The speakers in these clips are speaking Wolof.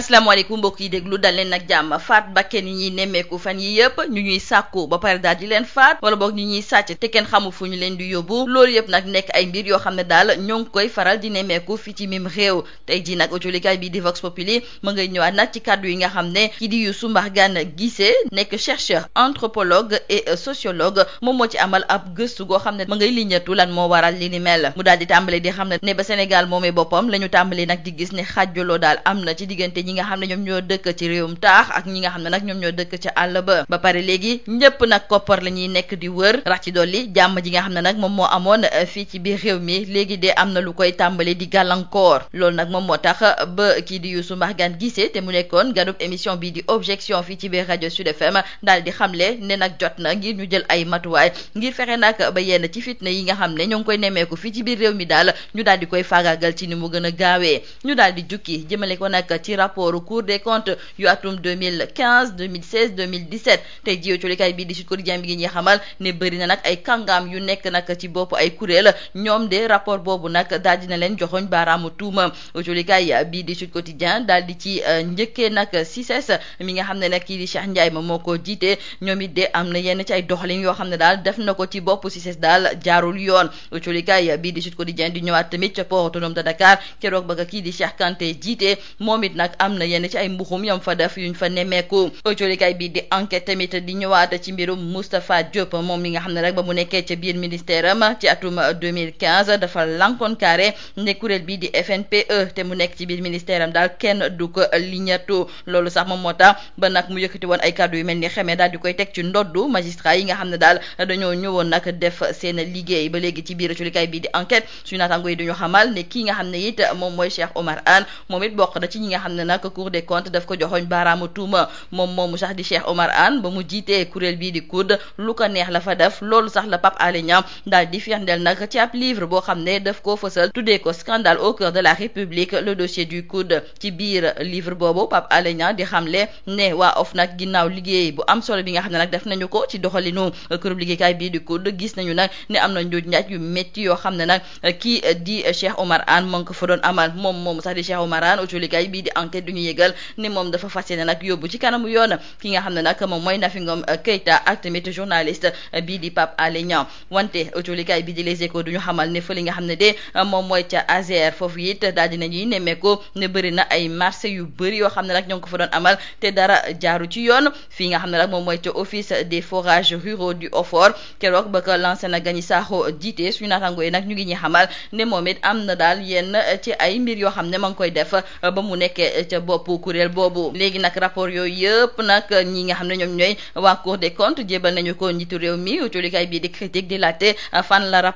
asalaamaaleykum mbokk yi déglu dal leen nag jàmm faat bakken yi ñuy nemmeeku fan yii yëpp ñu ñuy sàkku ba pare daal di leen faat wala boog ñu ñuy sàcc te kenn xamul fu ñu leen di yóbbu loolu yëpp nag nekk ay mbir yoo xam ne daal ñoo ngi koy faral di nemmeeku fi ci mim réew ji nag autolikaay bi di Vox Populi ma ngay ñëwaat nag ci kàddu yi nga xam ne ki di Youssou Mbargane Guissé nekk chercheur anthropologue et sociologue moom moo ci amal ab gëstu goo xam ne ma ngay liñatu lan moo waral li ni mel mu daal di tàmbale di xam ne ne ba Sénégal moom boppam la ñu tàmbale nag di gis ne xàjjoloo daal am na ci diggante ñi nga xam ne ñoom ñoo dëkk ci réewum taax ak ñi nga xam ne nag ñoom ñoo dëkk ci àll ba ba pare léegi ñëpp nag koppar la ñuy nekk di wër rax ci dolli jàmm ji nga xam ne nag moom moo amoon eh, fii ci biir réew mi léegi de am na lu koy tàmbale di gàllankoor loolu nag moom moo tax eh, ba kii di Youssou Mbargane Guissé te mu nekkoon ganub émission bii di objection fii ci biir rajo Sud FM daal di xamle ne nag jot na ngir ñu jël ay matuwaay ngir fexe nag ba yenn ci fitna yi nga xam ne ñoo ngi koy nemmeeku fii ci biir réew mi daal ñu daal di koy faagaagal ci ni mu gën a gaawee ñu daal di jukki jëmale ko nag ci rapport rapport Cour des comptes yu atum 2015 2016 2017 tey ji colikaay bii di Sud Quotidien ngi xamal ne bëri nag ay kàngaam yu nekk nag ci bopp ay kuréel ñoom de rapport boobu nag daal dina leen joxoñ baaraamu tuuma colikaay bii di Sud Quotidien di ci euh, njëkkee nag CICES mi nga xam ne nag kii di Cheikh Ndiaye ma moo ko jiite ñoom de am na yenn ci ay doxalin yoo xam ne daal def na ko ci bopp CICES daal jaarul yoon colikaay bii di Sud Quotidien di ñëwaat tamit ca port autonome de Dakar keroog am na yenn ci ay mbuxum yam fa def yuñ fa nemmeeku autolikaay bi di enquête tamit di ñëwaat ci mbirum Moustapha Diop moom mi nga xam ne rek ba mu nekkee ci biir ministère am ci atum 2015 dafa lankoon carré ne kuréel bi di FNPE te mu nekk ci biir ministère am daal kenn du ko liñatu loolu sax moom moo tax ba nag mu yëkkati woon ay kàddu yu mel ni xamee daal di koy teg ci ndoddu magistrat yi nga xam ne daal dañoo ñëwoon nag def seen liggéey ba léegi ci biir autolikaay bi di enquête su naataango yi dañoo xamal ne kii nga xam ne it moom mooy Cheikh Omar Anne moom it bokk na ci ñi nga xam ne nag cour des comptes daf ko joxoñ baaraamu tuuma moom moomu sax di Cheikh Omar Anne ba mu jiitee kuréel bii di COUD lu ko neex la fa def loolu sax la Pape Alé Niang daal di firndeel nag ci ab livre boo xam ne daf koo fësal tuddee ko scandale au cœur la République le dossier du COUD ci biir livre boobu Pape Alé Niang di xamle ne waa OFNAC ginnaaw liggéey bu am solo bi nga xam ne nag def nañu ko ci doxalinu kuréel liggéeykaay bii di COUD gis nañu nag ne am na njuuj njaaj yu métti yoo xam ne nag ki di Cheikh Omar Anne moo ngi ko fa doon amal moom moom sax di daal di ñu yëgal ni moom dafa fas yéene nag yóbbu ci kanamu yoon ki nga xam ne nag moom mooy euh, li euh, nga xam ne de euh, moom mooy ca AGR foofu it daal dinañuy nemmeeku ne bëri ay marché yu bëri yoo xam ne nag ñoo ngi ko fa doon amal te dara jaaru ci yoon fii nga xam ne nag moom mooy ca office des forages ruraux du Ofor keroog ba ko lancé na Gagny Sakho jiite suñu naataango yi nag ñu ngi ñuy xamal ne moom it am na daal yenn ci ay mbir yoo xam ne ma koy def ba mu nekkee ca bopp kuréel boobu léegi nag rapport yooyu yëpp nag ñi nga xam ne ñoom ñooy waa cour des comptes jébal nañu ko njiitu réew mi colikaay bii di di laajte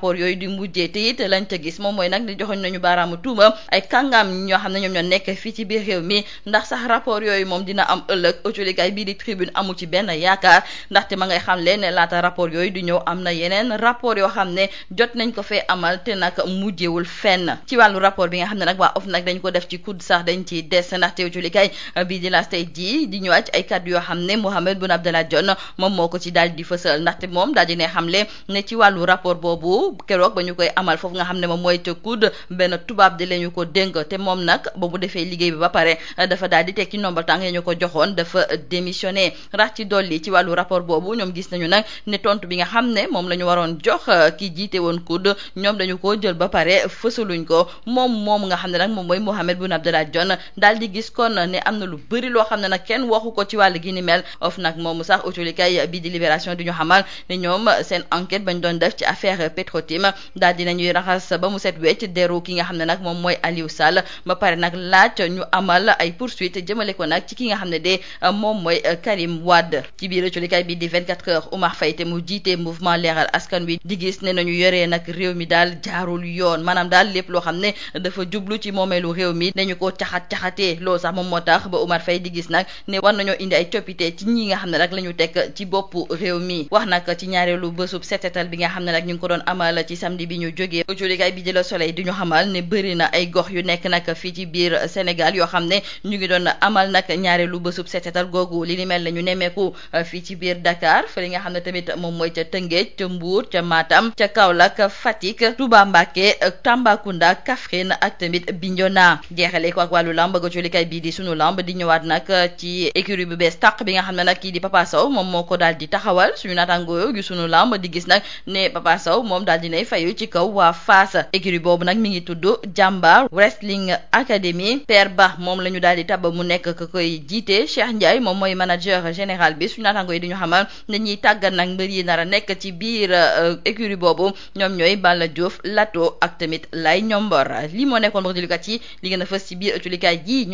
yooyu di mujjee te lañ gis moom mooy nag di joxoñ nañu baaraamu tuuma ay kàngaam ñoo xam ne ñoom ñoo nekk fii ci biir réew mi ndax sax rapport yooyu moom dina am ëllëg colikaay bii di tribune amul ci benn yaakaar ndaxte ma ngay xam leen ne laata rapport yooyu di ñëw am na yeneen rapport yoo xam ne jot nañ ko fee amal te nag mujjewul fenn ci wàllu rapport bi nga xam ne nag waa of nag dañ ko def ci kudd sax dañ ciy des ndaxte yëglekaay euh, bii di laas tey jii di ñëwaat ay kàddu yoo xam ne Mohamed Boun Abdallah Dionne moom moo ko ci daal di fësal ndaxte moom daal di ne xamle ne ci wàllu rapport boobu keroog ba ñu koy amal foofu nga xam ne moom mooy te kudd benn tubaab di la ñu ko dénk te moom nag ba mu defee liggéey bi ba pare euh, dafa daal di tekki ndombal tànk ya ñu ko joxoon dafa euh, démissionné rax ci dolli ci wàllu rapport boobu ñoom gis nañu nag ne tontu bi nga xam ne moom la ñu waroon jox ki jiite woon kudd ñoom dañu ko jël ba pare fësaluñ ko moom moom nga xam ne nag moom mooy Mohamed Boun Abdallah Dionne daal gis kon ne am na lu bëri loo xam ne nag kenn waxu ko ci wàll gi ni mel of nag moomu sax autolikay bi di libération di ñu xamal ne ñoom seen enquête bañ doon def ci affaire Petrotim daal dinañuy raxas ba mu set wecc deru ki nga xam ne nag moom mooy Aliou Sall ba pare nag laaj ñu amal ay poursuite jëmale ko nag ci ki nga xam ne de euh, moom mooy euh, Karim Wade ci biir autolikay bi di 24 heures Oumar Faye te mu jiite mouvement leeral askan wi di gis ne nañu yoree nag réew mi daal jaarul yoon maanaam daal lépp loo xam ne dafa jublu ci moomeelu réew mi dañu loo sax moom moo tax ba Oumar Faye di gis nag ne war nañoo indi ay coppite ci ñi nga xam ne rek la ñu teg ci boppu réew mi wax nag ci ñaareelu bésub setetal bi nga xam ne rek ñu ngi ko doon amal ci samedi bi ñu jógee julikaay bi di la soleil di ñu xamal ne bëri na ay gox yu nekk nag fii ci biir Sénégal yoo xam ne ñu ngi doon amal nag ñaareelu bësub setetal googu li ni mel la ñu nemmeeku euh, fii ci biir dakaar fa li nga xam ne tamit moom mooy ca Tëngéej ca Mbuur ca maatam ca Kaolack Fatick Touba Mbacké Tambacounda Kaffrine ak tamit Bignona jeexale ko ak yéenekaay bii di sunu lamb di ñëwaat nag euh, ci écurie bu bees tàq bi nga xam ne nag kii di Papa Sow moom moo ko daal di taxawal suñu naataangoo yu lamb di gis nag ne Papa Sow moom daal di nay fayu ci kaw waa Fass écurie boobu nag mi ngi tudd Jàmbaar Wrestling Academy Père Ba moom la ñu daal di tab mu nekk koy jiite Cheikh Ndiaye moom mooy manager général bi suñu naataangoo yi di ñu xamal ne ñuy tàggat nag mbër yi nar a nekk ci biir euh, écurie boobu ñoom ñooy yi a fës ci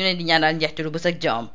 ñu leen di ñaanal njeexteelu bés ak jàmm